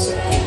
Music.